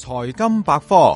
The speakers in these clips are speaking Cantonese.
財金百科，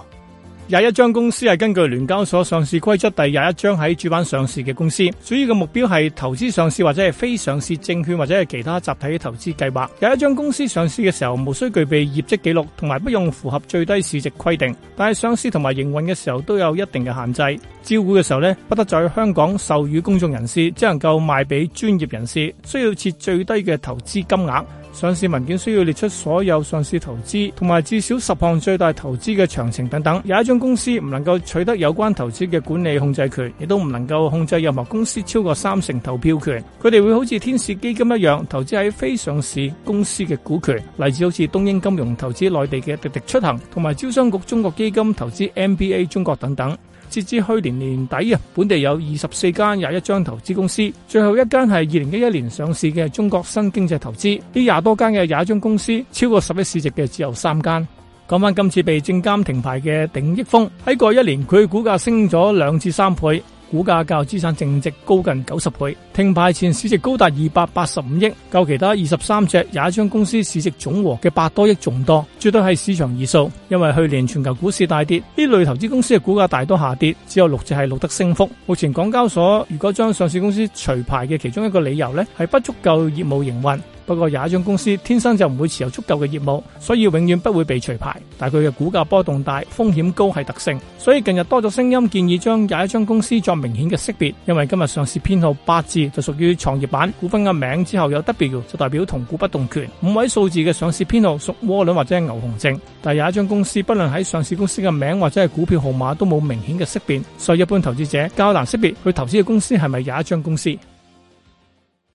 廿一章公司係根據聯交所上市規則第廿一章喺主板上市嘅公司，主要嘅目標係投資上市或者係非上市證券或者係其他集體嘅投資計劃。廿一章公司上市嘅時候，無需具備業績記錄，同埋不用符合最低市值規定，但喺上市同埋營運嘅時候都有一定嘅限制。招股嘅時候呢，不得在香港售予公眾人士，只能夠賣俾專業人士，需要設最低嘅投資金額。上市文件需要列出所有上市投資，同埋至少十項最大投資嘅詳情等等。有一種公司唔能夠取得有關投資嘅管理控制權，亦都唔能夠控制任何公司超過三成投票權。佢哋會好似天使基金一樣，投資喺非上市公司嘅股權，例如好似東英金融投資內地嘅滴滴出行，同埋招商局中國基金投資 MBA 中國等等。截至去年年底啊，本地有二十四間廿一章投資公司，最後一間係二零一一年上市嘅中國新經濟投資。呢廿多間嘅廿一章公司，超過十一市值嘅只有三間。講返今次被證監停牌嘅鼎益豐，喺過一年佢嘅股價升咗兩至三倍。股價較資產淨值高近九十倍，停牌前市值高達二百八十五億，較其他二十三隻21章公司市值總和嘅百多億仲多，絕對係市場異數。因為去年全球股市大跌，呢類投資公司嘅股價大多下跌，只有六隻係錄得升幅。目前港交所如果將上市公司除牌嘅其中一個理由呢，係不足夠業務營運。不過廿一章公司天生就唔會持有足夠嘅業務，所以永遠不會被除牌。但佢嘅股價波動大、風險高係特性，所以近日多咗聲音建議將廿一章公司作明顯嘅識別，因為今日上市編號八字就屬於創業板股份嘅名之後有 W 就代表同股不同權，五位數字嘅上市編號屬窩輪或者係牛熊證。但廿一章公司不論喺上市公司嘅名或者係股票號碼都冇明顯嘅識別，所以一般投資者較難識別佢投資嘅公司係咪廿一章公司。